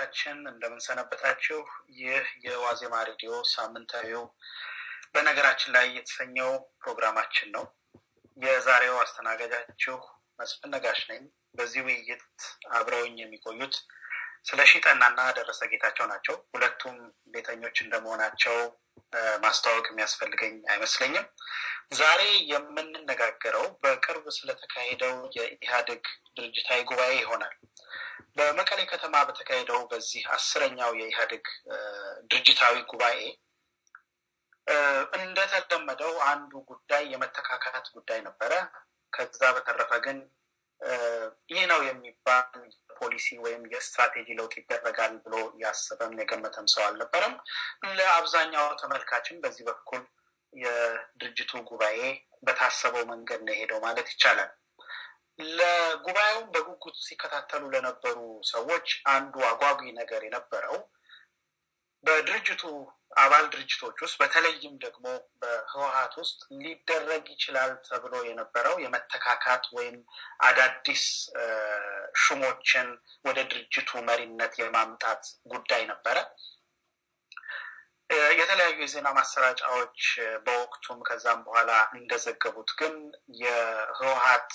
አድማጮቻችን እንደምንሰነበታችሁ። ይህ የዋዜማ ሬዲዮ ሳምንታዊው በነገራችን ላይ የተሰኘው ፕሮግራማችን ነው። የዛሬው አስተናጋጃችሁ መስፍን ነጋሽ ነኝ። በዚህ ውይይት አብረውኝ የሚቆዩት ስለ ሺጠናና ደረሰ ጌታቸው ናቸው። ሁለቱም ቤተኞች እንደመሆናቸው ማስታወቅ የሚያስፈልገኝ አይመስለኝም። ዛሬ የምንነጋገረው በቅርብ ስለተካሄደው የኢህአዴግ ድርጅታዊ ጉባኤ ይሆናል። በመቀሌ ከተማ በተካሄደው በዚህ አስረኛው የኢህአዴግ ድርጅታዊ ጉባኤ እንደተለመደው አንዱ ጉዳይ የመተካካት ጉዳይ ነበረ። ከዛ በተረፈ ግን ይህ ነው የሚባል ፖሊሲ ወይም የስትራቴጂ ለውጥ ይደረጋል ብሎ ያሰበም የገመተም ሰው አልነበረም። ለአብዛኛው ተመልካችን በዚህ በኩል የድርጅቱ ጉባኤ በታሰበው መንገድ ነው የሄደው ማለት ይቻላል። ለጉባኤውም በጉጉት ሲከታተሉ ለነበሩ ሰዎች አንዱ አጓጊ ነገር የነበረው በድርጅቱ አባል ድርጅቶች ውስጥ በተለይም ደግሞ በህወሀት ውስጥ ሊደረግ ይችላል ተብሎ የነበረው የመተካካት ወይም አዳዲስ ሹሞችን ወደ ድርጅቱ መሪነት የማምጣት ጉዳይ ነበረ። የተለያዩ የዜና ማሰራጫዎች በወቅቱም ከዛም በኋላ እንደዘገቡት ግን የህወሀት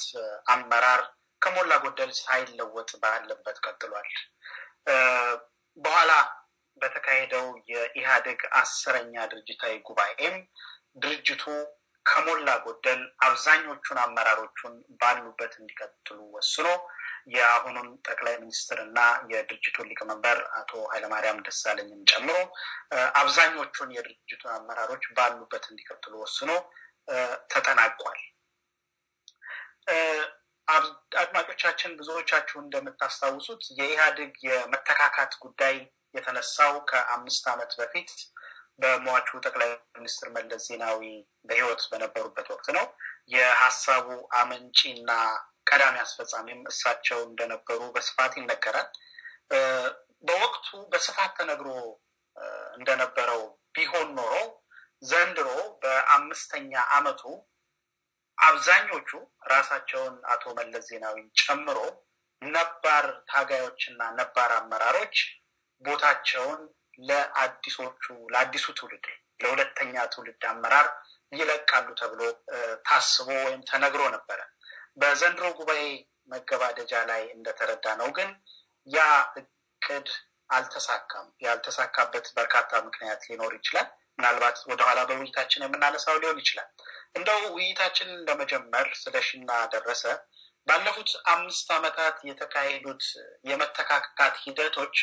አመራር ከሞላ ጎደል ሳይለወጥ ባለበት ቀጥሏል። በኋላ በተካሄደው የኢህአዴግ አስረኛ ድርጅታዊ ጉባኤም ድርጅቱ ከሞላ ጎደል አብዛኞቹን አመራሮቹን ባሉበት እንዲቀጥሉ ወስኖ የአሁኑን ጠቅላይ ሚኒስትር እና የድርጅቱን ሊቀመንበር አቶ ኃይለማርያም ደሳለኝን ጨምሮ አብዛኞቹን የድርጅቱን አመራሮች ባሉበት እንዲቀጥሉ ወስኖ ተጠናቋል። አድማጮቻችን፣ ብዙዎቻችሁ እንደምታስታውሱት የኢህአዴግ የመተካካት ጉዳይ የተነሳው ከአምስት ዓመት በፊት በሟቹ ጠቅላይ ሚኒስትር መለስ ዜናዊ በሕይወት በነበሩበት ወቅት ነው። የሀሳቡ አመንጪና ቀዳሚ አስፈጻሚም እሳቸው እንደነበሩ በስፋት ይነገራል። በወቅቱ በስፋት ተነግሮ እንደነበረው ቢሆን ኖሮ ዘንድሮ በአምስተኛ ዓመቱ አብዛኞቹ ራሳቸውን አቶ መለስ ዜናዊን ጨምሮ ነባር ታጋዮችና ነባር አመራሮች ቦታቸውን ለአዲሶቹ ለአዲሱ ትውልድ ለሁለተኛ ትውልድ አመራር ይለቃሉ ተብሎ ታስቦ ወይም ተነግሮ ነበረ። በዘንድሮ ጉባኤ መገባደጃ ላይ እንደተረዳ ነው ግን ያ እቅድ አልተሳካም። ያልተሳካበት በርካታ ምክንያት ሊኖር ይችላል። ምናልባት ወደኋላ በውይይታችን የምናነሳው ሊሆን ይችላል። እንደው ውይይታችን ለመጀመር ስለሽና ደረሰ ባለፉት አምስት ዓመታት የተካሄዱት የመተካካት ሂደቶች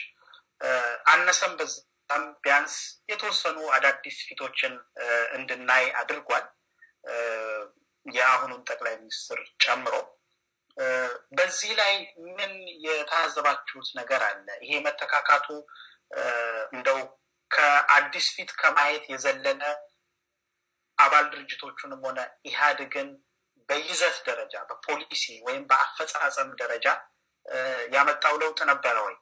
አነሰም በዛም ቢያንስ የተወሰኑ አዳዲስ ፊቶችን እንድናይ አድርጓል። የአሁኑን ጠቅላይ ሚኒስትር ጨምሮ በዚህ ላይ ምን የታዘባችሁት ነገር አለ? ይሄ መተካካቱ እንደው ከአዲስ ፊት ከማየት የዘለለ አባል ድርጅቶቹንም ሆነ ኢህአዴግን በይዘት ደረጃ በፖሊሲ ወይም በአፈጻጸም ደረጃ ያመጣው ለውጥ ነበረ ወይ?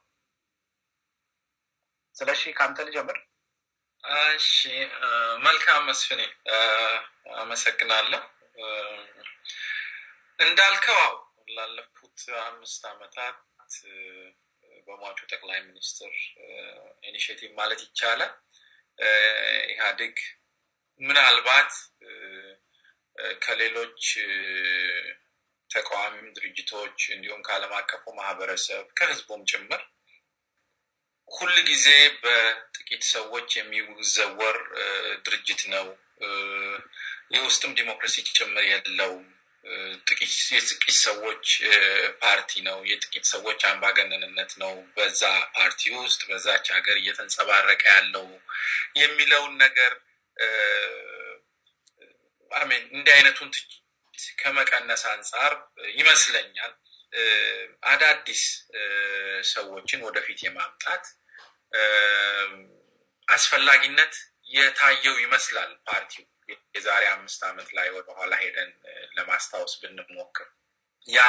ስለሺ ከአንተ ልጀምር። እሺ፣ መልካም መስፍኔ፣ አመሰግናለሁ። እንዳልከው ላለፉት አምስት አመታት በሟቹ ጠቅላይ ሚኒስትር ኢኒሽቲቭ ማለት ይቻላል ኢህአዴግ ምናልባት ከሌሎች ተቃዋሚም ድርጅቶች እንዲሁም ከዓለም አቀፉ ማህበረሰብ ከህዝቡም ጭምር ሁል ጊዜ በጥቂት ሰዎች የሚዘወር ድርጅት ነው የውስጥም ዲሞክራሲ ጭምር የለው የጥቂት ሰዎች ፓርቲ ነው። የጥቂት ሰዎች አምባገነንነት ነው በዛ ፓርቲ ውስጥ በዛች ሀገር እየተንጸባረቀ ያለው የሚለውን ነገር አሜን እንዲህ አይነቱን ትችት ከመቀነስ አንጻር ይመስለኛል አዳዲስ ሰዎችን ወደፊት የማምጣት አስፈላጊነት የታየው ይመስላል ፓርቲው የዛሬ አምስት ዓመት ላይ ወደኋላ ሄደን ለማስታወስ ብንሞክር ያ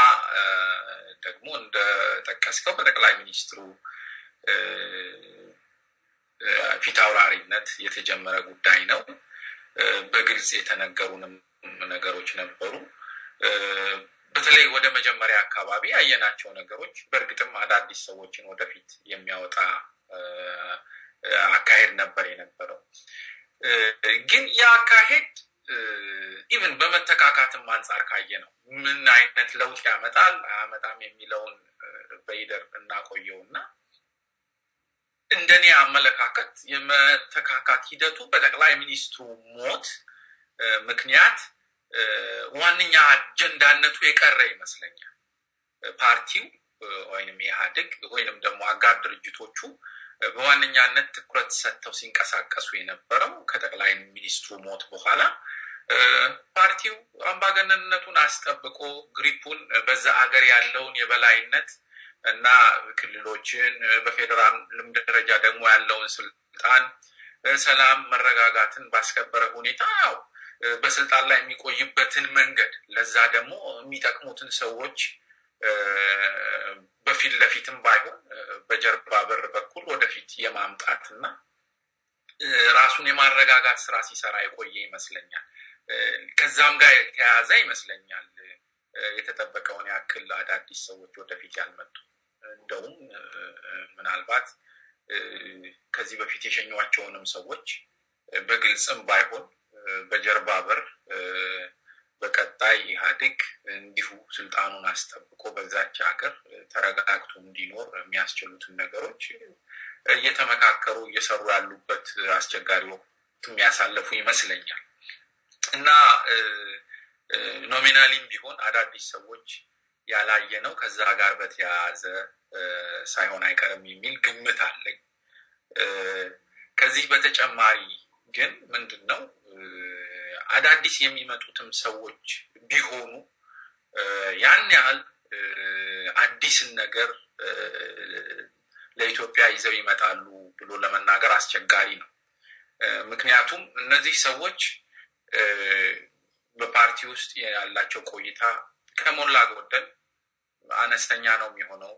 ደግሞ እንደጠቀስከው በጠቅላይ ሚኒስትሩ ፊት አውራሪነት የተጀመረ ጉዳይ ነው። በግልጽ የተነገሩንም ነገሮች ነበሩ። በተለይ ወደ መጀመሪያ አካባቢ ያየናቸው ነገሮች በእርግጥም አዳዲስ ሰዎችን ወደፊት የሚያወጣ አካሄድ ነበር የነበረው። ግን የአካሄድ ኢቨን በመተካካትም አንጻር ካየ ነው ምን አይነት ለውጥ ያመጣል አያመጣም የሚለውን በይደር እናቆየው እና እንደኔ አመለካከት የመተካካት ሂደቱ በጠቅላይ ሚኒስትሩ ሞት ምክንያት ዋነኛ አጀንዳነቱ የቀረ ይመስለኛል። ፓርቲው ወይንም ኢህአዴግ ወይንም ደግሞ አጋር ድርጅቶቹ በዋነኛነት ትኩረት ሰጥተው ሲንቀሳቀሱ የነበረው ከጠቅላይ ሚኒስትሩ ሞት በኋላ ፓርቲው አምባገነንነቱን አስጠብቆ ግሪፑን በዛ ሀገር ያለውን የበላይነት እና ክልሎችን በፌዴራልም ደረጃ ደግሞ ያለውን ስልጣን ሰላም መረጋጋትን ባስከበረ ሁኔታ ያው በስልጣን ላይ የሚቆይበትን መንገድ ለዛ ደግሞ የሚጠቅሙትን ሰዎች በፊት ለፊትም ባይሆን በጀርባ በር በኩል ወደፊት የማምጣትና ራሱን የማረጋጋት ስራ ሲሰራ የቆየ ይመስለኛል። ከዛም ጋር የተያያዘ ይመስለኛል የተጠበቀውን ያክል አዳዲስ ሰዎች ወደፊት ያልመጡ እንደውም ምናልባት ከዚህ በፊት የሸኟቸውንም ሰዎች በግልጽም ባይሆን በጀርባ በር በቀጣይ ኢህአዴግ እንዲሁ ስልጣኑን አስጠብቆ በዛች ሀገር ተረጋግቶ እንዲኖር የሚያስችሉትን ነገሮች እየተመካከሩ እየሰሩ ያሉበት አስቸጋሪ ወቅት የሚያሳልፉ ይመስለኛል እና ኖሚናሊም ቢሆን አዳዲስ ሰዎች ያላየ ነው ከዛ ጋር በተያያዘ ሳይሆን አይቀርም የሚል ግምት አለኝ። ከዚህ በተጨማሪ ግን ምንድን ነው አዳዲስ የሚመጡትም ሰዎች ቢሆኑ ያን ያህል አዲስን ነገር ለኢትዮጵያ ይዘው ይመጣሉ ብሎ ለመናገር አስቸጋሪ ነው። ምክንያቱም እነዚህ ሰዎች በፓርቲ ውስጥ ያላቸው ቆይታ ከሞላ ጎደል አነስተኛ ነው የሚሆነው።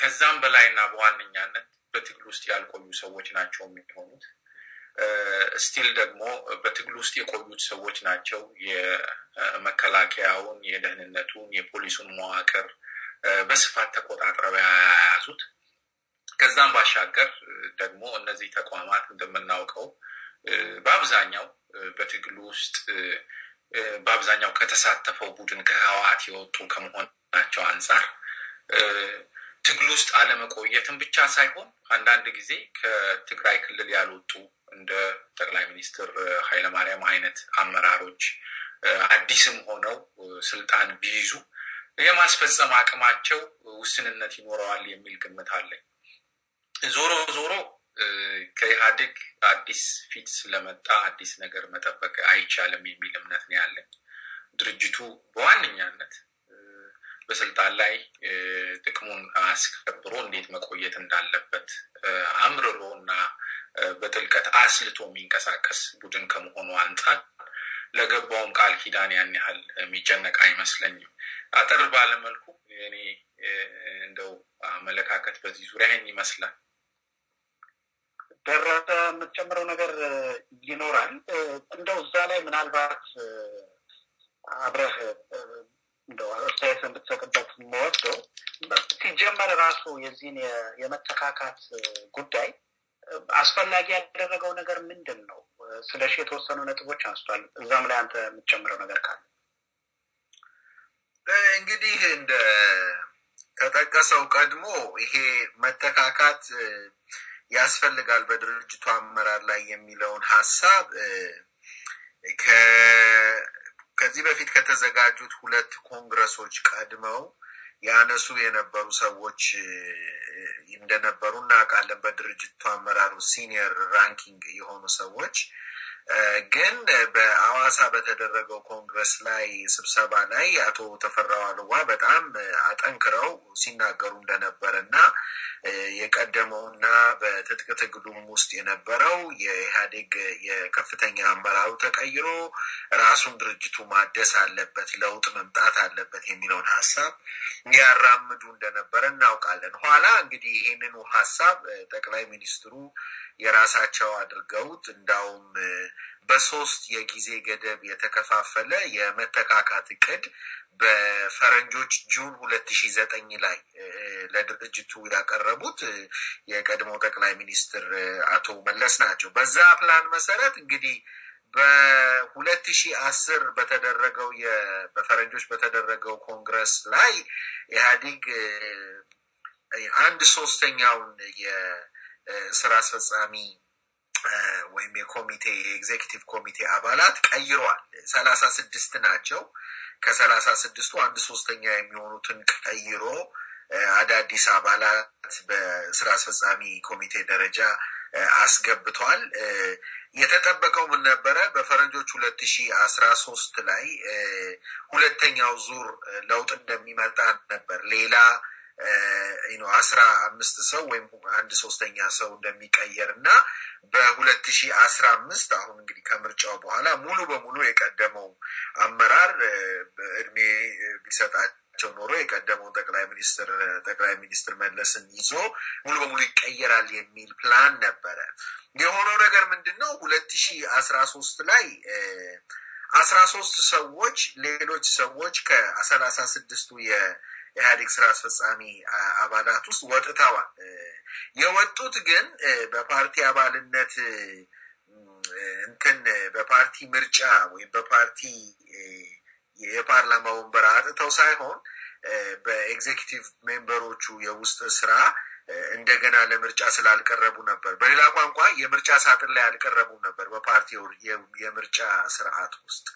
ከዛም በላይና በዋነኛነት በትግል ውስጥ ያልቆዩ ሰዎች ናቸው የሚሆኑት። ስቲል ደግሞ በትግል ውስጥ የቆዩት ሰዎች ናቸው የመከላከያውን፣ የደህንነቱን፣ የፖሊሱን መዋቅር በስፋት ተቆጣጥረው የያዙት። ከዛም ባሻገር ደግሞ እነዚህ ተቋማት እንደምናውቀው በአብዛኛው በትግል ውስጥ በአብዛኛው ከተሳተፈው ቡድን ከህወሓት የወጡ ከመሆናቸው አንጻር ትግል ውስጥ አለመቆየትን ብቻ ሳይሆን አንዳንድ ጊዜ ከትግራይ ክልል ያልወጡ እንደ ጠቅላይ ሚኒስትር ኃይለማርያም አይነት አመራሮች አዲስም ሆነው ስልጣን ቢይዙ የማስፈጸም አቅማቸው ውስንነት ይኖረዋል የሚል ግምት አለኝ። ዞሮ ዞሮ ከኢህአዴግ አዲስ ፊት ስለመጣ አዲስ ነገር መጠበቅ አይቻልም የሚል እምነት ነው ያለኝ። ድርጅቱ በዋነኛነት በስልጣን ላይ ጥቅሙን አስከብሮ እንዴት መቆየት እንዳለበት አምርሮ እና በጥልቀት አስልቶ የሚንቀሳቀስ ቡድን ከመሆኑ አንጻር ለገባውም ቃል ኪዳን ያን ያህል የሚጨነቅ አይመስለኝም። አጠር ባለመልኩ እኔ እንደው አመለካከት በዚህ ዙሪያ ይህን ይመስላል። ደረሰ የምትጨምረው ነገር ይኖራል? እንደው እዛ ላይ ምናልባት አብረህ እንደው አስተያየት ብትሰጥበት የምወደው ሲጀመር ራሱ የዚህን የመተካካት ጉዳይ አስፈላጊ ያደረገው ነገር ምንድን ነው? ሺ የተወሰኑ ነጥቦች አንስቷል። እዛም ላይ አንተ የምትጨምረው ነገር ካለ እንግዲህ እንደ ተጠቀሰው ቀድሞ ይሄ መተካካት ያስፈልጋል በድርጅቱ አመራር ላይ የሚለውን ሀሳብ ከዚህ በፊት ከተዘጋጁት ሁለት ኮንግረሶች ቀድመው ያነሱ የነበሩ ሰዎች እንደነበሩ እናውቃለን። በድርጅቱ አመራሩ ሲኒየር ራንኪንግ የሆኑ ሰዎች ግን በአዋሳ በተደረገው ኮንግረስ ላይ ስብሰባ ላይ አቶ ተፈራ ዋልዋ በጣም አጠንክረው ሲናገሩ እንደነበር እና የቀደመውና በትጥቅ ትግሉም ውስጥ የነበረው የኢህአዴግ የከፍተኛ አመራሩ ተቀይሮ ራሱን ድርጅቱ ማደስ አለበት፣ ለውጥ መምጣት አለበት የሚለውን ሀሳብ ያራምዱ እንደነበረ እናውቃለን። ኋላ እንግዲህ ይህንኑ ሀሳብ ጠቅላይ ሚኒስትሩ የራሳቸው አድርገውት እንዳውም በሶስት የጊዜ ገደብ የተከፋፈለ የመተካካት እቅድ በፈረንጆች ጁን ሁለት ሺ ዘጠኝ ላይ ለድርጅቱ ያቀረቡት የቀድሞ ጠቅላይ ሚኒስትር አቶ መለስ ናቸው። በዛ ፕላን መሰረት እንግዲህ በሁለት ሺ አስር በተደረገው በፈረንጆች በተደረገው ኮንግረስ ላይ ኢህአዲግ አንድ ሶስተኛውን ስራ አስፈጻሚ ወይም የኮሚቴ የኤግዜኪቲቭ ኮሚቴ አባላት ቀይረዋል። ሰላሳ ስድስት ናቸው። ከሰላሳ ስድስቱ አንድ ሶስተኛ የሚሆኑትን ቀይሮ አዳዲስ አባላት በስራ አስፈጻሚ ኮሚቴ ደረጃ አስገብቷል። የተጠበቀው ምን ነበረ? በፈረንጆች ሁለት ሺ አስራ ሶስት ላይ ሁለተኛው ዙር ለውጥ እንደሚመጣ ነበር ሌላ አስራ አምስት ሰው ወይም አንድ ሶስተኛ ሰው እንደሚቀየር እና በሁለት ሺ አስራ አምስት አሁን እንግዲህ ከምርጫው በኋላ ሙሉ በሙሉ የቀደመው አመራር እድሜ ቢሰጣቸው ቸው ኖሮ የቀደመው ጠቅላይ ሚኒስትር ጠቅላይ ሚኒስትር መለስን ይዞ ሙሉ በሙሉ ይቀየራል የሚል ፕላን ነበረ። የሆነው ነገር ምንድን ነው? ሁለት ሺ አስራ ሶስት ላይ አስራ ሶስት ሰዎች ሌሎች ሰዎች ከሰላሳ ስድስቱ የ ኢህአዴግ ስራ አስፈጻሚ አባላት ውስጥ ወጥተዋል። የወጡት ግን በፓርቲ አባልነት እንትን በፓርቲ ምርጫ ወይም በፓርቲ የፓርላማ ወንበር አጥተው ሳይሆን በኤግዜኪቲቭ ሜምበሮቹ የውስጥ ስራ እንደገና ለምርጫ ስላልቀረቡ ነበር። በሌላ ቋንቋ የምርጫ ሳጥን ላይ አልቀረቡም ነበር በፓርቲ የምርጫ ስርዓት ውስጥ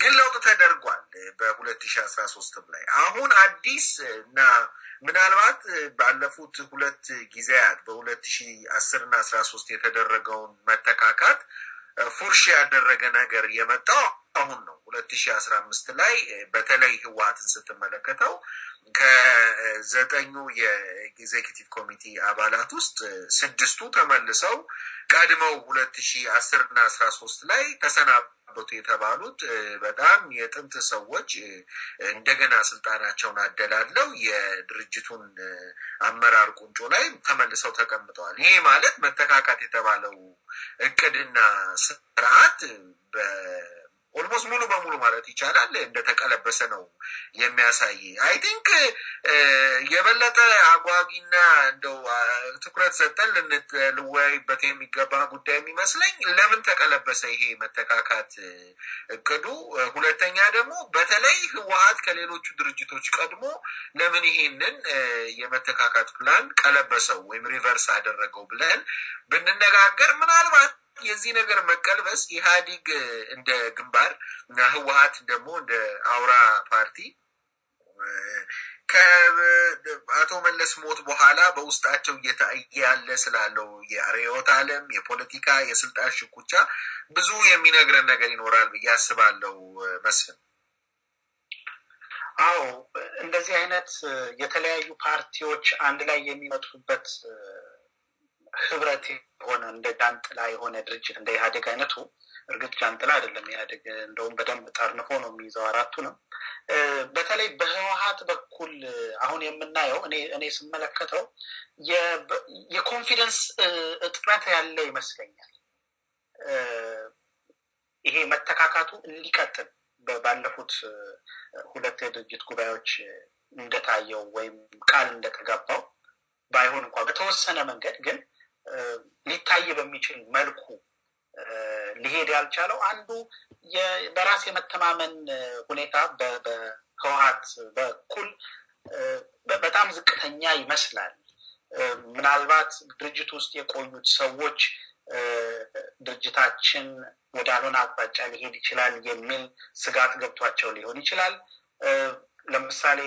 ግን ለውጥ ተደርጓል። በሁለት ሺ አስራ ሶስትም ላይ አሁን አዲስ እና ምናልባት ባለፉት ሁለት ጊዜያት በሁለት ሺ አስር እና አስራ ሶስት የተደረገውን መተካካት ፉርሽ ያደረገ ነገር የመጣው አሁን ነው። ሁለት ሺ አስራ አምስት ላይ በተለይ ህወሓትን ስትመለከተው ከዘጠኙ የኤግዜኪቲቭ ኮሚቴ አባላት ውስጥ ስድስቱ ተመልሰው ቀድመው ሁለት ሺ አስር እና አስራ ሶስት ላይ ተሰናብ ቡት የተባሉት በጣም የጥንት ሰዎች እንደገና ስልጣናቸውን አደላለው የድርጅቱን አመራር ቁንጮ ላይ ተመልሰው ተቀምጠዋል። ይህ ማለት መተካካት የተባለው እቅድና ስርዓት ኦልሞስት ሙሉ በሙሉ ማለት ይቻላል እንደተቀለበሰ ነው የሚያሳይ። አይ ቲንክ የበለጠ አጓጊና እንደው ትኩረት ሰጠን ልንልወያይበት የሚገባ ጉዳይ የሚመስለኝ ለምን ተቀለበሰ ይሄ መተካካት እቅዱ። ሁለተኛ ደግሞ በተለይ ህወሀት ከሌሎቹ ድርጅቶች ቀድሞ ለምን ይሄንን የመተካካት ፕላን ቀለበሰው ወይም ሪቨርስ አደረገው ብለን ብንነጋገር ምናልባት የዚህ ነገር መቀልበስ ኢህአዲግ እንደ ግንባር እና ህወሀት ደግሞ እንደ አውራ ፓርቲ ከአቶ መለስ ሞት በኋላ በውስጣቸው እየታየ ያለ ስላለው የርዕዮተ ዓለም የፖለቲካ የስልጣን ሽኩቻ ብዙ የሚነግረን ነገር ይኖራል ብዬ አስባለው። መስፍን፣ አዎ እንደዚህ አይነት የተለያዩ ፓርቲዎች አንድ ላይ የሚመጡበት ህብረት ሆነ እንደ ጃንጥላ የሆነ ድርጅት እንደ ኢህአዴግ አይነቱ እርግጥ ጃንጥላ አይደለም ኢህአዴግ እንደውም በደንብ ጠርንፎ ነው የሚይዘው አራቱ ነው። በተለይ በህወሀት በኩል አሁን የምናየው እኔ ስመለከተው የኮንፊደንስ እጥረት ያለ ይመስለኛል። ይሄ መተካካቱ እንዲቀጥል ባለፉት ሁለት የድርጅት ጉባኤዎች እንደታየው ወይም ቃል እንደተገባው ባይሆን እንኳ በተወሰነ መንገድ ግን ሊታይ በሚችል መልኩ ሊሄድ ያልቻለው አንዱ በራስ የመተማመን ሁኔታ በህወሀት በኩል በጣም ዝቅተኛ ይመስላል። ምናልባት ድርጅት ውስጥ የቆዩት ሰዎች ድርጅታችን ወዳልሆነ አቅጣጫ ሊሄድ ይችላል የሚል ስጋት ገብቷቸው ሊሆን ይችላል። ለምሳሌ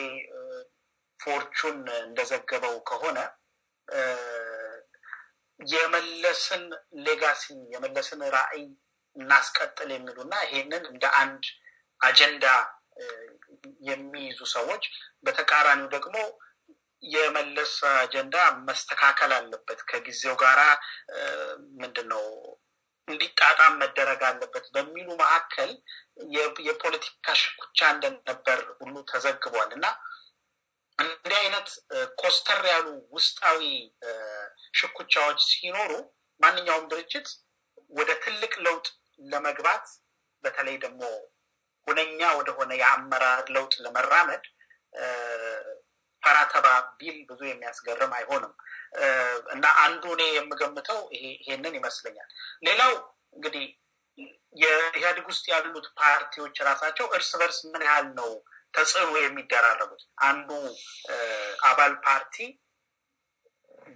ፎርቹን እንደዘገበው ከሆነ የመለስን ሌጋሲ የመለስን ራዕይ እናስቀጥል የሚሉ እና ይሄንን እንደ አንድ አጀንዳ የሚይዙ ሰዎች፣ በተቃራኒው ደግሞ የመለስ አጀንዳ መስተካከል አለበት ከጊዜው ጋራ ምንድን ነው እንዲጣጣም መደረግ አለበት በሚሉ መካከል የፖለቲካ ሽኩቻ እንደነበር ሁሉ ተዘግቧል እና እንዲህ አይነት ኮስተር ያሉ ውስጣዊ ሽኩቻዎች ሲኖሩ ማንኛውም ድርጅት ወደ ትልቅ ለውጥ ለመግባት በተለይ ደግሞ ሁነኛ ወደሆነ የአመራር ለውጥ ለመራመድ ፈራተባ ቢል ብዙ የሚያስገርም አይሆንም እና አንዱ እኔ የምገምተው ይሄንን ይመስለኛል። ሌላው እንግዲህ የኢህአዴግ ውስጥ ያሉት ፓርቲዎች ራሳቸው እርስ በርስ ምን ያህል ነው ተጽዕኖ የሚደራረጉት አንዱ አባል ፓርቲ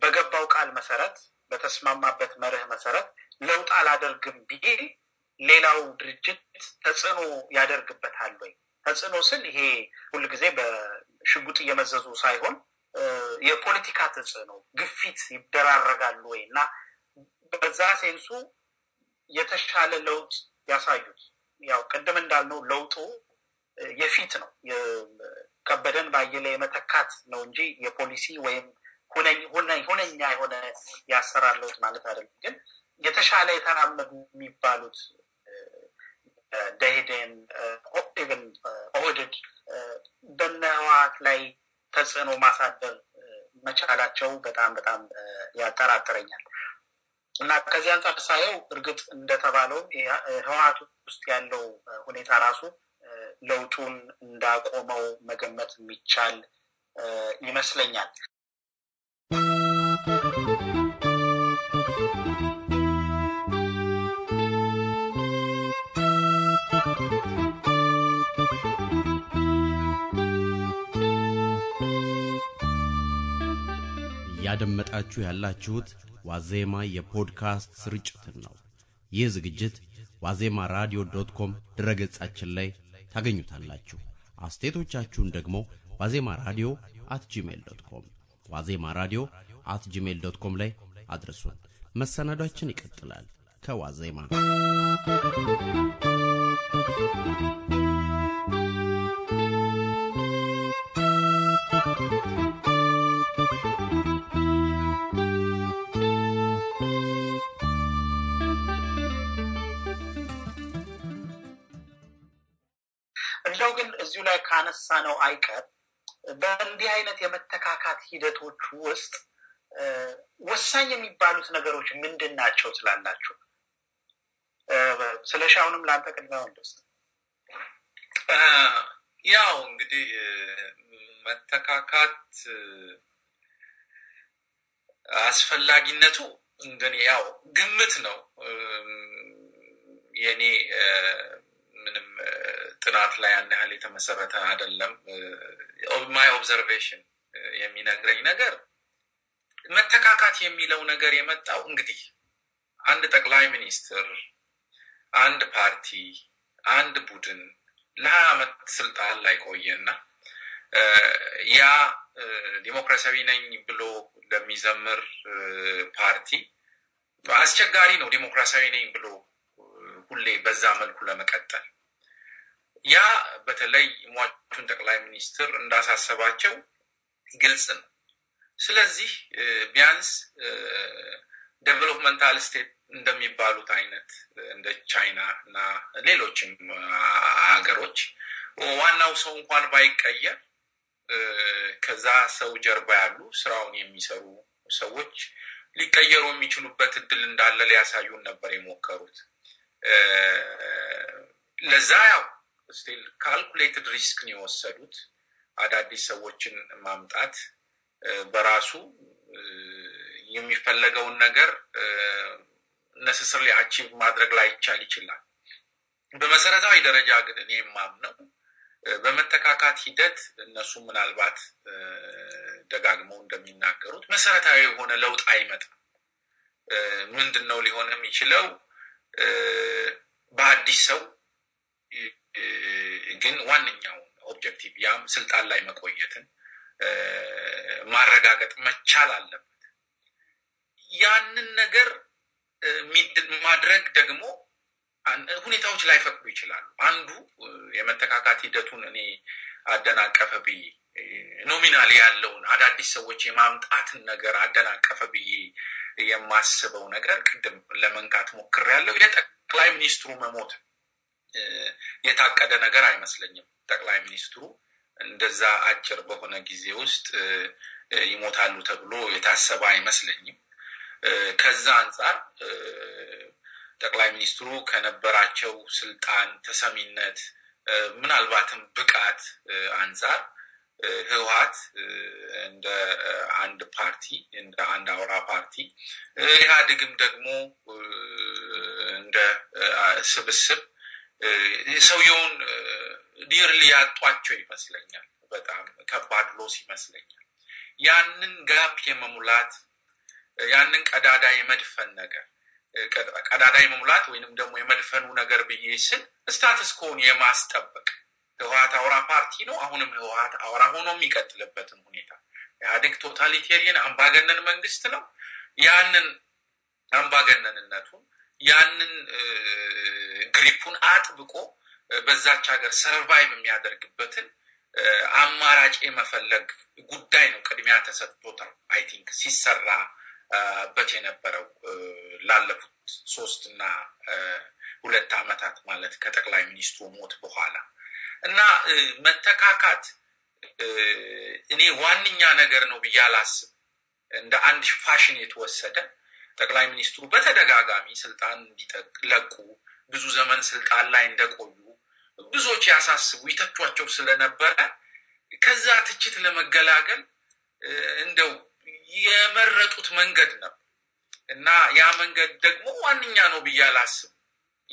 በገባው ቃል መሰረት በተስማማበት መርህ መሰረት ለውጥ አላደርግም ቢል ሌላው ድርጅት ተጽዕኖ ያደርግበታል ወይ? ተጽዕኖ ስል ይሄ ሁልጊዜ በሽጉጥ እየመዘዙ ሳይሆን የፖለቲካ ተጽዕኖ ግፊት ይደራረጋሉ ወይ እና በዛ ሴንሱ የተሻለ ለውጥ ያሳዩት ያው ቅድም እንዳልነው ለውጡ የፊት ነው ከበደን በአየለ የመተካት ነው እንጂ የፖሊሲ ወይም ሁነኛ የሆነ ያሰራር ለውጥ ማለት አይደለም። ግን የተሻለ የተራመዱ የሚባሉት ደሄደን ኢቨን ኦህድድ በነ ህወሓት ላይ ተጽዕኖ ማሳደር መቻላቸው በጣም በጣም ያጠራጥረኛል እና ከዚህ አንጻር ሳየው እርግጥ እንደተባለው ህወሓት ውስጥ ያለው ሁኔታ ራሱ ለውጡን እንዳቆመው መገመት የሚቻል ይመስለኛል። እያደመጣችሁ ያላችሁት ዋዜማ የፖድካስት ስርጭትን ነው። ይህ ዝግጅት ዋዜማ ራዲዮ ዶት ኮም ድረገጻችን ላይ ታገኙታላችሁ። አስተያየቶቻችሁን ደግሞ ዋዜማ ራዲዮ አት ጂሜል ዶት ኮም ዋዜማ ራዲዮ አት ጂሜል ዶት ኮም ላይ አድርሱን። መሰናዷችን ይቀጥላል ከዋዜማ ላይ ካነሳ ነው አይቀር በእንዲህ አይነት የመተካካት ሂደቶች ውስጥ ወሳኝ የሚባሉት ነገሮች ምንድን ናቸው ስላላችሁ ስለ ሻውንም ለአንተ ቅድሚያ ወንደስ። ያው እንግዲህ መተካካት አስፈላጊነቱ እንደኔ ያው ግምት ነው የኔ ምንም ጥናት ላይ ያን ያህል የተመሰረተ አይደለም። ማይ ኦብዘርቬሽን የሚነግረኝ ነገር መተካካት የሚለው ነገር የመጣው እንግዲህ አንድ ጠቅላይ ሚኒስትር፣ አንድ ፓርቲ፣ አንድ ቡድን ለሀያ ዓመት ስልጣን ላይ ቆየና ያ ዲሞክራሲያዊ ነኝ ብሎ ለሚዘምር ፓርቲ አስቸጋሪ ነው ዲሞክራሲያዊ ነኝ ብሎ ሁሌ በዛ መልኩ ለመቀጠል ያ በተለይ ሟቹን ጠቅላይ ሚኒስትር እንዳሳሰባቸው ግልጽ ነው። ስለዚህ ቢያንስ ዴቨሎፕመንታል ስቴት እንደሚባሉት አይነት እንደ ቻይና እና ሌሎችም ሀገሮች ዋናው ሰው እንኳን ባይቀየር ከዛ ሰው ጀርባ ያሉ ስራውን የሚሰሩ ሰዎች ሊቀየሩ የሚችሉበት እድል እንዳለ ሊያሳዩን ነበር የሞከሩት። ለዛ ያው ስቲል ካልኩሌትድ ሪስክ ነው የወሰዱት። አዳዲስ ሰዎችን ማምጣት በራሱ የሚፈለገውን ነገር ነስስር አቺቭ ማድረግ ላይቻል ይችላል። በመሰረታዊ ደረጃ ግን እኔ የማምነው በመተካካት ሂደት እነሱ ምናልባት ደጋግመው እንደሚናገሩት መሰረታዊ የሆነ ለውጥ አይመጣም። ምንድን ነው ሊሆን የሚችለው? አዲስ ሰው ግን ዋነኛው ኦብጀክቲቭ ያም ስልጣን ላይ መቆየትን ማረጋገጥ መቻል አለበት። ያንን ነገር ማድረግ ደግሞ ሁኔታዎች ላይፈቅዱ ይችላሉ። አንዱ የመተካካት ሂደቱን እኔ አደናቀፈ ብዬ ኖሚናል ያለውን አዳዲስ ሰዎች የማምጣትን ነገር አደናቀፈ ብዬ የማስበው ነገር ቅድም ለመንካት ሞክሬያለሁ። ጠቅላይ ሚኒስትሩ መሞት የታቀደ ነገር አይመስለኝም። ጠቅላይ ሚኒስትሩ እንደዛ አጭር በሆነ ጊዜ ውስጥ ይሞታሉ ተብሎ የታሰበ አይመስለኝም። ከዛ አንጻር ጠቅላይ ሚኒስትሩ ከነበራቸው ስልጣን፣ ተሰሚነት ምናልባትም ብቃት አንጻር ህወሀት እንደ አንድ ፓርቲ እንደ አንድ አውራ ፓርቲ ኢህአዴግም ደግሞ እንደ ስብስብ ሰውየውን ዲርሊ ያጧቸው ይመስለኛል። በጣም ከባድ ሎስ ይመስለኛል። ያንን ጋፕ የመሙላት ያንን ቀዳዳ የመድፈን ነገር ቀዳዳ የመሙላት ወይንም ደግሞ የመድፈኑ ነገር ብዬ ስል ስታትስ ኮን የማስጠበቅ ህወሀት አውራ ፓርቲ ነው። አሁንም ህወሀት አውራ ሆኖ የሚቀጥልበትን ሁኔታ ኢህአዴግ ቶታሊቴሪየን አምባገነን መንግስት ነው። ያንን አምባገነንነቱን ያንን ግሪፑን አጥብቆ በዛች ሀገር ሰርቫይቭ የሚያደርግበትን አማራጭ የመፈለግ ጉዳይ ነው ቅድሚያ ተሰጥቶታል። አይ ቲንክ ሲሰራበት የነበረው ላለፉት ሶስት እና ሁለት አመታት ማለት ከጠቅላይ ሚኒስትሩ ሞት በኋላ እና መተካካት እኔ ዋነኛ ነገር ነው ብዬ አላስብ። እንደ አንድ ፋሽን የተወሰደ ጠቅላይ ሚኒስትሩ በተደጋጋሚ ስልጣን እንዲለቁ ብዙ ዘመን ስልጣን ላይ እንደቆዩ ብዙዎች ያሳስቡ ይተቿቸው ስለነበረ ከዛ ትችት ለመገላገል እንደው የመረጡት መንገድ ነው እና ያ መንገድ ደግሞ ዋነኛ ነው ብዬ አላስብ።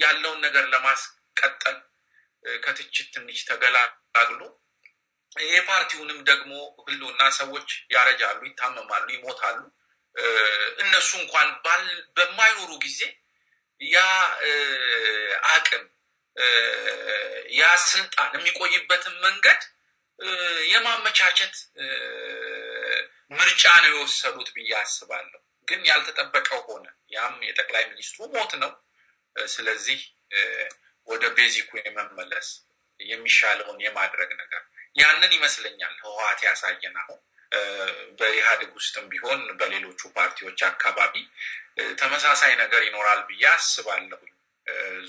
ያለውን ነገር ለማስቀጠል ከትችት ትንሽ ተገላግሉ የፓርቲውንም ደግሞ ህልውና ሰዎች ያረጃሉ፣ ይታመማሉ፣ ይሞታሉ። እነሱ እንኳን በማይኖሩ ጊዜ ያ አቅም ያ ስልጣን የሚቆይበትን መንገድ የማመቻቸት ምርጫ ነው የወሰዱት ብዬ አስባለሁ። ግን ያልተጠበቀው ሆነ። ያም የጠቅላይ ሚኒስትሩ ሞት ነው። ስለዚህ ወደ ቤዚኩ የመመለስ የሚሻለውን የማድረግ ነገር ያንን ይመስለኛል ህዋት ያሳየን አሁን በኢህአዴግ ውስጥም ቢሆን በሌሎቹ ፓርቲዎች አካባቢ ተመሳሳይ ነገር ይኖራል ብዬ አስባለሁ።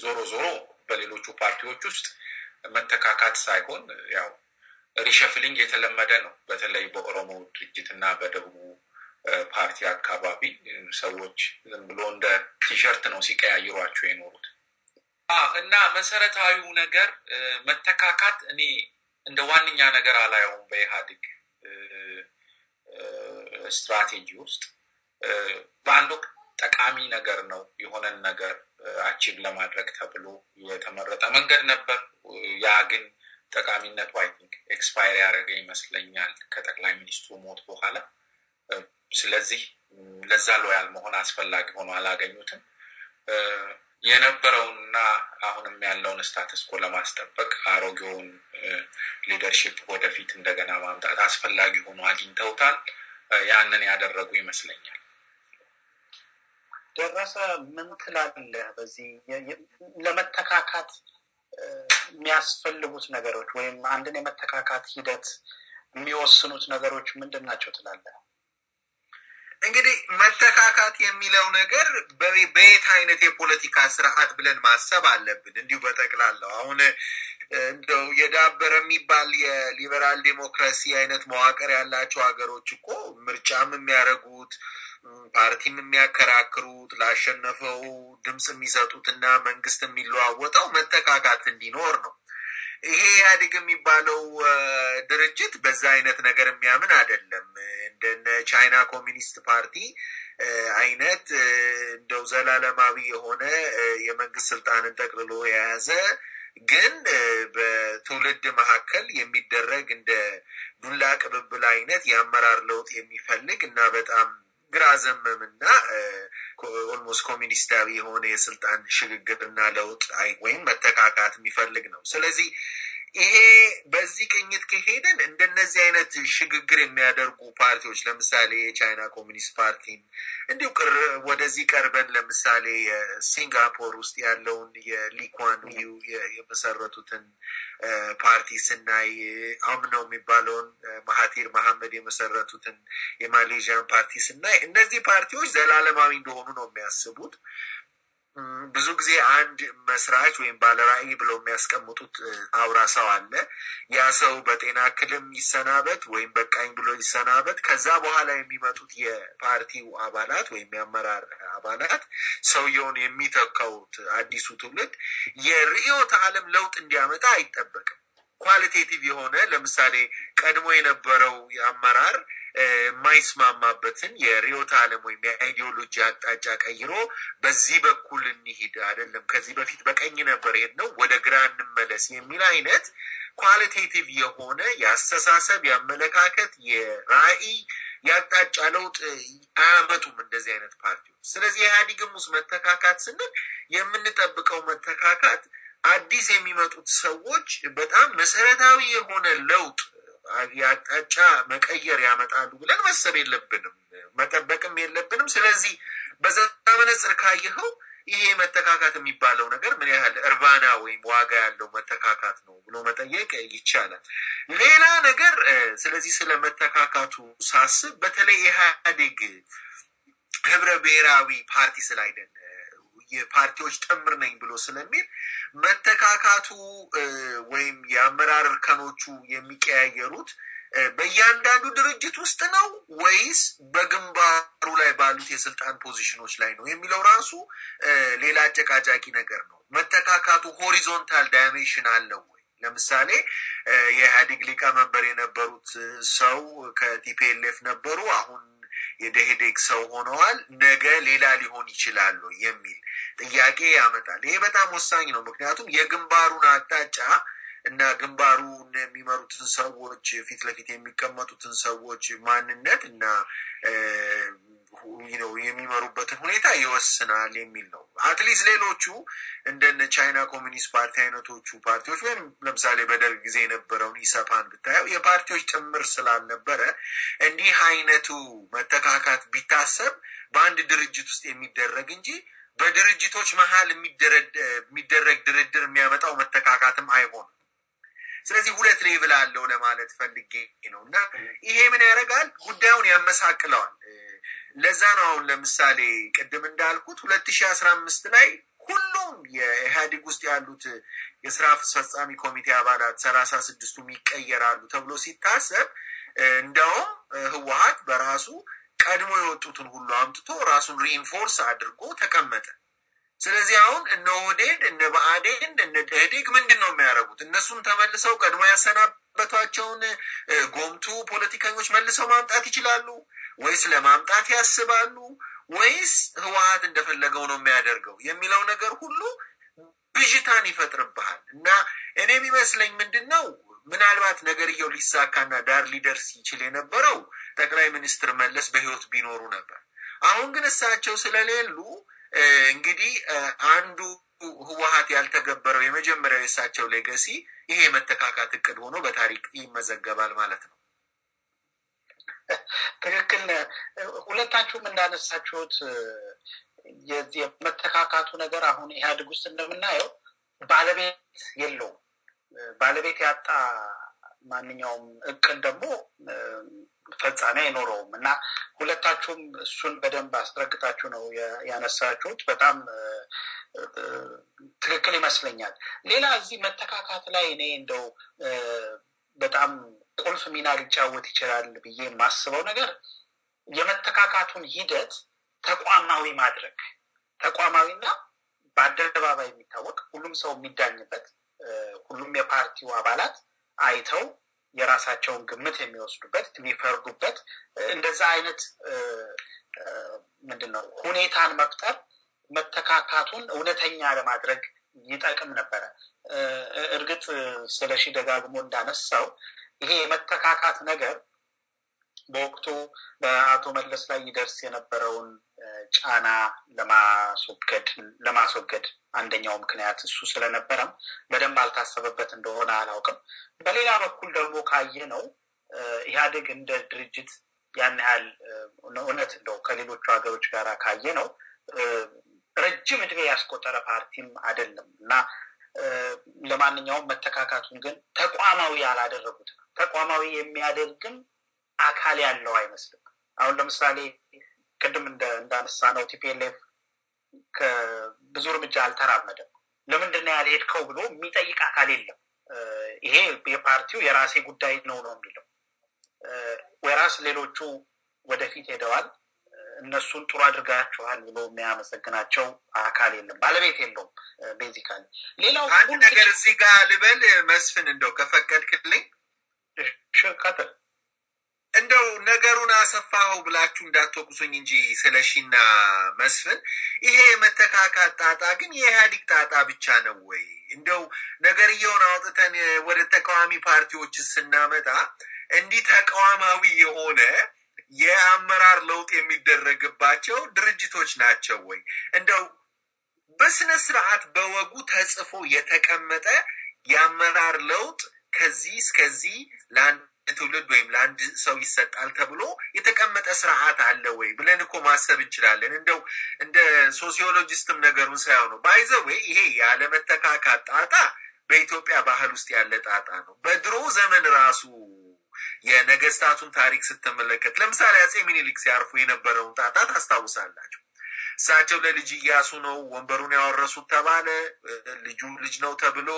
ዞሮ ዞሮ በሌሎቹ ፓርቲዎች ውስጥ መተካካት ሳይሆን ያው ሪሸፍሊንግ የተለመደ ነው። በተለይ በኦሮሞ ድርጅት እና በደቡቡ ፓርቲ አካባቢ ሰዎች ዝም ብሎ እንደ ቲሸርት ነው ሲቀያይሯቸው የኖሩት። እና መሰረታዊው ነገር መተካካት እኔ እንደ ዋነኛ ነገር አላየውም በኢህአዴግ ስትራቴጂ ውስጥ በአንድ ወቅት ጠቃሚ ነገር ነው የሆነን ነገር አቺቭ ለማድረግ ተብሎ የተመረጠ መንገድ ነበር። ያ ግን ጠቃሚነቱ አይ ቲንክ ኤክስፓየር ያደረገ ይመስለኛል ከጠቅላይ ሚኒስትሩ ሞት በኋላ። ስለዚህ ለዛ ሎያል መሆን አስፈላጊ ሆኖ አላገኙትም። የነበረውንና አሁንም ያለውን ስታትስ ኮ ለማስጠበቅ አሮጌውን ሊደርሽፕ ወደፊት እንደገና ማምጣት አስፈላጊ ሆኖ አግኝተውታል። ያንን ያደረጉ ይመስለኛል። ደረሰ ምን ትላለህ? በዚህ ለመተካካት የሚያስፈልጉት ነገሮች ወይም አንድን የመተካካት ሂደት የሚወስኑት ነገሮች ምንድን ናቸው ትላለህ? እንግዲህ መተካካት የሚለው ነገር በየት አይነት የፖለቲካ ስርዓት ብለን ማሰብ አለብን። እንዲሁ በጠቅላላው አሁን እንደው የዳበረ የሚባል የሊበራል ዴሞክራሲ አይነት መዋቅር ያላቸው ሀገሮች እኮ ምርጫም የሚያደርጉት ፓርቲም የሚያከራክሩት ላሸነፈው ድምፅ የሚሰጡትና መንግስት የሚለዋወጠው መተካካት እንዲኖር ነው። ይሄ ኢህአዴግ የሚባለው ድርጅት በዛ አይነት ነገር የሚያምን አይደለም። እንደነ ቻይና ኮሚኒስት ፓርቲ አይነት እንደው ዘላለማዊ የሆነ የመንግስት ስልጣንን ጠቅልሎ የያዘ ግን በትውልድ መካከል የሚደረግ እንደ ዱላ ቅብብል አይነት የአመራር ለውጥ የሚፈልግ እና በጣም ግራ ዘመምና ኦልሞስት ኮሚኒስታዊ የሆነ የስልጣን ሽግግርና ለውጥ ወይም መተካካት የሚፈልግ ነው። ስለዚህ ይሄ በዚህ ቅኝት ከሄደን እንደነዚህ አይነት ሽግግር የሚያደርጉ ፓርቲዎች ለምሳሌ የቻይና ኮሚኒስት ፓርቲን እንዲሁ ወደዚህ ቀርበን ለምሳሌ ሲንጋፖር ውስጥ ያለውን የሊኳን ዩ የመሰረቱትን ፓርቲ ስናይ አምነው የሚባለውን ማሀቲር መሐመድ የመሰረቱትን የማሌዥያን ፓርቲ ስናይ እነዚህ ፓርቲዎች ዘላለማዊ እንደሆኑ ነው የሚያስቡት። ብዙ ጊዜ አንድ መስራች ወይም ባለራዕይ ብለው የሚያስቀምጡት አውራ ሰው አለ። ያ ሰው በጤና እክልም ይሰናበት ወይም በቃኝ ብሎ ይሰናበት። ከዛ በኋላ የሚመጡት የፓርቲው አባላት ወይም የአመራር አባላት ሰውየውን የሚተካውት አዲሱ ትውልድ የርዕዮተ ዓለም ለውጥ እንዲያመጣ አይጠበቅም። ኳሊቴቲቭ የሆነ ለምሳሌ ቀድሞ የነበረው አመራር የማይስማማበትን የርዕዮተ ዓለም ወይም የአይዲዮሎጂ አቅጣጫ ቀይሮ በዚህ በኩል እንሂድ አይደለም፣ ከዚህ በፊት በቀኝ ነበር ሄድነው፣ ወደ ግራ እንመለስ የሚል አይነት ኳሊቴቲቭ የሆነ የአስተሳሰብ፣ የአመለካከት፣ የራዕይ የአቅጣጫ ለውጥ አያመጡም እንደዚህ አይነት ፓርቲዎች። ስለዚህ ኢህአዲግም ውስጥ መተካካት ስንል የምንጠብቀው መተካካት አዲስ የሚመጡት ሰዎች በጣም መሰረታዊ የሆነ ለውጥ የአቅጣጫ መቀየር ያመጣሉ ብለን መሰብ የለብንም መጠበቅም የለብንም። ስለዚህ በዛ መነጽር ካየኸው ይሄ መተካካት የሚባለው ነገር ምን ያህል እርባና ወይም ዋጋ ያለው መተካካት ነው ብሎ መጠየቅ ይቻላል። ሌላ ነገር ስለዚህ ስለ መተካካቱ ሳስብ በተለይ ኢህአዴግ ህብረ ብሔራዊ ፓርቲ ስላይደለ የፓርቲዎች ጥምር ነኝ ብሎ ስለሚል መተካካቱ ወይም የአመራር እርከኖቹ የሚቀያየሩት በእያንዳንዱ ድርጅት ውስጥ ነው ወይስ በግንባሩ ላይ ባሉት የስልጣን ፖዚሽኖች ላይ ነው የሚለው ራሱ ሌላ አጨቃጫቂ ነገር ነው። መተካካቱ ሆሪዞንታል ዳይሜንሽን አለው ወይ? ለምሳሌ የኢህአዴግ ሊቀመንበር የነበሩት ሰው ከቲፒኤልኤፍ ነበሩ። አሁን የደሄዴግ ሰው ሆነዋል። ነገ ሌላ ሊሆን ይችላሉ የሚል ጥያቄ ያመጣል። ይሄ በጣም ወሳኝ ነው። ምክንያቱም የግንባሩን አቅጣጫ እና ግንባሩን የሚመሩትን ሰዎች ፊት ለፊት የሚቀመጡትን ሰዎች ማንነት እና ነው የሚመሩበትን ሁኔታ ይወስናል የሚል ነው። አትሊስት ሌሎቹ እንደነ ቻይና ኮሚኒስት ፓርቲ አይነቶቹ ፓርቲዎች ወይም ለምሳሌ በደርግ ጊዜ የነበረውን ኢሰፓን ብታየው የፓርቲዎች ጥምር ስላልነበረ እንዲህ አይነቱ መተካካት ቢታሰብ በአንድ ድርጅት ውስጥ የሚደረግ እንጂ በድርጅቶች መሀል የሚደረግ ድርድር የሚያመጣው መተካካትም አይሆንም። ስለዚህ ሁለት ሌብል አለው ለማለት ፈልጌ ነው እና ይሄ ምን ያደርጋል? ጉዳዩን ያመሳቅለዋል። ለዛ ነው አሁን ለምሳሌ ቅድም እንዳልኩት ሁለት ሺህ አስራ አምስት ላይ ሁሉም የኢህአዴግ ውስጥ ያሉት የስራ አስፈጻሚ ኮሚቴ አባላት ሰላሳ ስድስቱም ይቀየራሉ ተብሎ ሲታሰብ እንደውም ህወሀት በራሱ ቀድሞ የወጡትን ሁሉ አምጥቶ ራሱን ሪኢንፎርስ አድርጎ ተቀመጠ። ስለዚህ አሁን እነ ኦህዴድ እነ ብአዴን እነ ደህዴግ ምንድን ነው የሚያደረጉት እነሱን ተመልሰው ቀድሞ ያሰናበቷቸውን ጎምቱ ፖለቲከኞች መልሰው ማምጣት ይችላሉ ወይስ ለማምጣት ያስባሉ ወይስ ህወሀት እንደፈለገው ነው የሚያደርገው የሚለው ነገር ሁሉ ብዥታን ይፈጥርብሃል እና እኔ የሚመስለኝ ምንድን ነው ምናልባት ነገርየው ሊሳካና ዳር ሊደርስ ይችል የነበረው ጠቅላይ ሚኒስትር መለስ በህይወት ቢኖሩ ነበር። አሁን ግን እሳቸው ስለሌሉ እንግዲህ አንዱ ህወሀት ያልተገበረው የመጀመሪያው የእሳቸው ሌገሲ ይሄ የመተካካት እቅድ ሆኖ በታሪክ ይመዘገባል ማለት ነው። ትክክል። ሁለታችሁም እንዳነሳችሁት የመተካካቱ ነገር አሁን ኢህአዴግ ውስጥ እንደምናየው ባለቤት የለውም። ባለቤት ያጣ ማንኛውም እቅድ ደግሞ ፈጻሚ አይኖረውም እና ሁለታችሁም እሱን በደንብ አስረግጣችሁ ነው ያነሳችሁት። በጣም ትክክል ይመስለኛል። ሌላ እዚህ መተካካት ላይ እኔ እንደው በጣም ቁልፍ ሚና ሊጫወት ይችላል ብዬ የማስበው ነገር የመተካካቱን ሂደት ተቋማዊ ማድረግ ተቋማዊና በአደባባይ የሚታወቅ ሁሉም ሰው የሚዳኝበት ሁሉም የፓርቲው አባላት አይተው የራሳቸውን ግምት የሚወስዱበት የሚፈርዱበት እንደዛ አይነት ምንድን ነው ሁኔታን መፍጠር መተካካቱን እውነተኛ ለማድረግ ይጠቅም ነበረ። እርግጥ ስለሺ ደጋግሞ እንዳነሳው ይሄ የመተካካት ነገር በወቅቱ በአቶ መለስ ላይ ይደርስ የነበረውን ጫና ለማስወገድ ለማስወገድ አንደኛው ምክንያት እሱ ስለነበረም በደንብ አልታሰበበት እንደሆነ አላውቅም። በሌላ በኩል ደግሞ ካየ ነው ኢህአዴግ እንደ ድርጅት ያን ያህል እውነት እንደው ከሌሎቹ ሀገሮች ጋር ካየ ነው ረጅም እድሜ ያስቆጠረ ፓርቲም አይደለም እና ለማንኛውም መተካካቱን ግን ተቋማዊ ያላደረጉት ተቋማዊ የሚያደርግም አካል ያለው አይመስልም። አሁን ለምሳሌ ቅድም እንዳነሳ ነው ቲፒኤልኤፍ ብዙ እርምጃ አልተራመደም። ለምንድን ነው ያልሄድከው ብሎ የሚጠይቅ አካል የለም። ይሄ የፓርቲው የራሴ ጉዳይ ነው ነው የሚለው ወራስ ሌሎቹ ወደፊት ሄደዋል፣ እነሱን ጥሩ አድርጋችኋል ብሎ የሚያመሰግናቸው አካል የለም፣ ባለቤት የለውም። ቤዚካሊ ሌላው አንድ ነገር እዚህ ጋር ልበል መስፍን፣ እንደው ከፈቀድክልኝ ሽቀጥል እንደው ነገሩን አሰፋው ብላችሁ እንዳትወቅሱኝ እንጂ ስለሺና መስፍን ይሄ የመተካካት ጣጣ ግን የኢህአዲግ ጣጣ ብቻ ነው ወይ? እንደው ነገርየውን አውጥተን ወደ ተቃዋሚ ፓርቲዎች ስናመጣ እንዲህ ተቃዋማዊ የሆነ የአመራር ለውጥ የሚደረግባቸው ድርጅቶች ናቸው ወይ? እንደው በስነ ስርዓት በወጉ ተጽፎ የተቀመጠ የአመራር ለውጥ ከዚህ እስከዚህ ለአንድ ለትውልድ ወይም ለአንድ ሰው ይሰጣል ተብሎ የተቀመጠ ስርዓት አለ ወይ ብለን እኮ ማሰብ እንችላለን። እንደው እንደ ሶሲዮሎጂስትም ነገሩን ነው ባይዘ ወይ ይሄ ያለመተካካት ጣጣ በኢትዮጵያ ባህል ውስጥ ያለ ጣጣ ነው። በድሮ ዘመን ራሱ የነገስታቱን ታሪክ ስትመለከት ለምሳሌ አፄ ሚኒሊክ ሲያርፉ የነበረውን ጣጣ ታስታውሳላቸው። እሳቸው ለልጅ እያሱ ነው ወንበሩን ያወረሱት ተባለ። ልጁ ልጅ ነው ተብሎ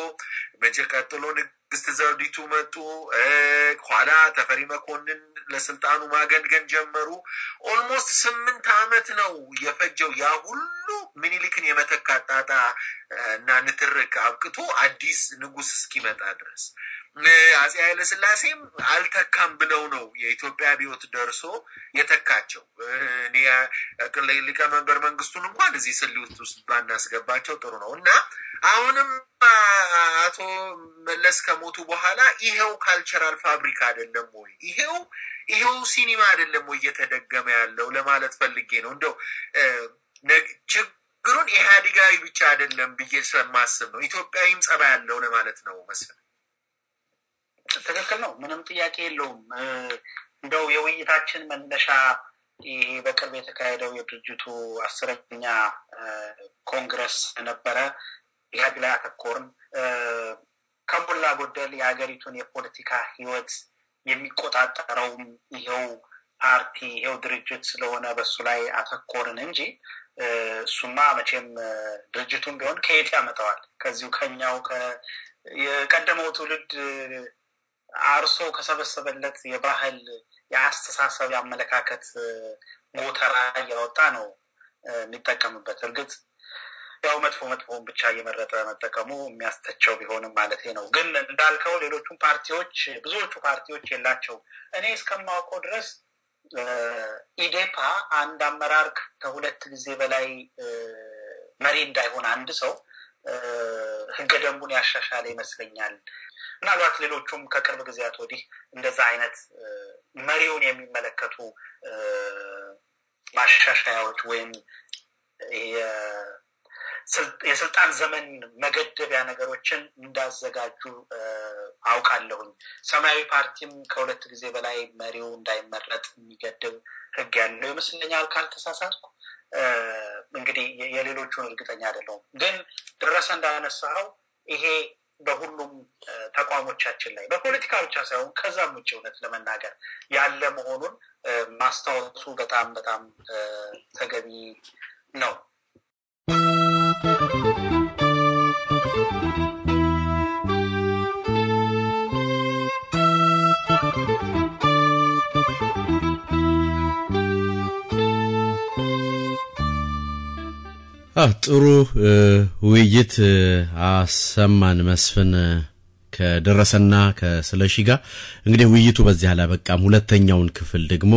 መቼ ቀጥሎ መንግስት ዘውዲቱ መጡ። ኋላ ተፈሪ መኮንን ለስልጣኑ ማገንገን ጀመሩ። ኦልሞስት ስምንት ዓመት ነው የፈጀው ያ ሁሉ ምኒልክን የመተካት አጣጣ እና ንትርክ አብቅቶ አዲስ ንጉስ እስኪመጣ ድረስ አጼ ኃይለ ስላሴም አልተካም ብለው ነው የኢትዮጵያ አብዮት ደርሶ የተካቸው። እኔ ሊቀመንበር መንግስቱን እንኳን እዚህ ስልዩት ውስጥ ባናስገባቸው ጥሩ ነው እና አሁንም አቶ መለስ ከሞቱ በኋላ ይሄው ካልቸራል ፋብሪካ አይደለም ወይ? ይሄው ይሄው ሲኒማ አይደለም ወይ እየተደገመ ያለው ለማለት ፈልጌ ነው። እንደው ችግሩን ኢህአዴጋዊ ብቻ አይደለም ብዬ ስለማስብ ነው ኢትዮጵያዊም ጸባይ ያለው ለማለት ነው መስል ትክክል ነው። ምንም ጥያቄ የለውም። እንደው የውይይታችን መነሻ ይሄ በቅርብ የተካሄደው የድርጅቱ አስረኛ ኮንግረስ ነበረ። ኢህአዴግ ላይ አተኮርን። ከሞላ ጎደል የሀገሪቱን የፖለቲካ ህይወት የሚቆጣጠረውም ይኸው ፓርቲ ይኸው ድርጅት ስለሆነ በሱ ላይ አተኮርን እንጂ እሱማ መቼም ድርጅቱም ቢሆን ከየት ያመጣዋል? ከዚሁ ከኛው የቀደመው ትውልድ አርሶ ከሰበሰበለት የባህል የአስተሳሰብ የአመለካከት ሞተራ እያወጣ ነው የሚጠቀምበት። እርግጥ ያው መጥፎ መጥፎውን ብቻ እየመረጠ መጠቀሙ የሚያስተቸው ቢሆንም ማለት ነው። ግን እንዳልከው ሌሎቹም ፓርቲዎች ብዙዎቹ ፓርቲዎች የላቸው። እኔ እስከማውቀው ድረስ ኢዴፓ አንድ አመራር ከሁለት ጊዜ በላይ መሪ እንዳይሆን አንድ ሰው ህገ ደንቡን ያሻሻለ ይመስለኛል። ምናልባት ሌሎቹም ከቅርብ ጊዜያት ወዲህ እንደዛ አይነት መሪውን የሚመለከቱ ማሻሻያዎች ወይም የስልጣን ዘመን መገደቢያ ነገሮችን እንዳዘጋጁ አውቃለሁኝ። ሰማያዊ ፓርቲም ከሁለት ጊዜ በላይ መሪው እንዳይመረጥ የሚገድብ ሕግ ያለው ይመስለኛል ካልተሳሳትኩ። እንግዲህ የሌሎቹን እርግጠኛ አይደለሁም። ግን ድረሰ እንዳነሳኸው ይሄ በሁሉም ተቋሞቻችን ላይ በፖለቲካ ብቻ ሳይሆን ከዛም ውጭ እውነት ለመናገር ያለ መሆኑን ማስታወሱ በጣም በጣም ተገቢ ነው። ጥሩ ውይይት አሰማን መስፍን ከደረሰና ከስለሺ ጋር እንግዲህ ውይይቱ በዚህ አላበቃም። ሁለተኛውን ክፍል ደግሞ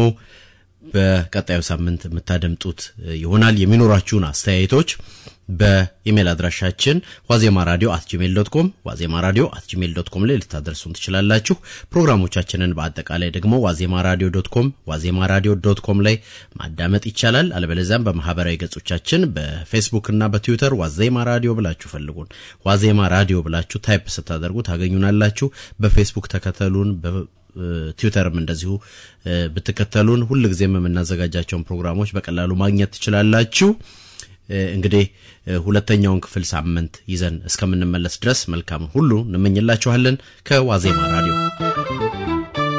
በቀጣዩ ሳምንት የምታደምጡት ይሆናል። የሚኖራችሁን አስተያየቶች በኢሜል አድራሻችን ዋዜማ ራዲዮ አት ጂሜል ዶት ኮም ዋዜማ ራዲዮ አት ጂሜል ዶት ኮም ላይ ልታደርሱን ትችላላችሁ። ፕሮግራሞቻችንን በአጠቃላይ ደግሞ ዋዜማ ራዲዮ ዶት ኮም ዋዜማ ራዲዮ ዶት ኮም ላይ ማዳመጥ ይቻላል። አለበለዚያም በማህበራዊ ገጾቻችን በፌስቡክ እና በትዊተር ዋዜማ ራዲዮ ብላችሁ ፈልጉን። ዋዜማ ራዲዮ ብላችሁ ታይፕ ስታደርጉ ታገኙናላችሁ። በፌስቡክ ተከተሉን። ትዊተርም እንደዚሁ ብትከተሉን ጊዜ የምናዘጋጃቸውን ፕሮግራሞች በቀላሉ ማግኘት ትችላላችሁ። እንግዲህ ሁለተኛውን ክፍል ሳምንት ይዘን እስከምንመለስ ድረስ መልካም ሁሉ እንመኝላችኋለን። ከዋዜማ ራዲዮ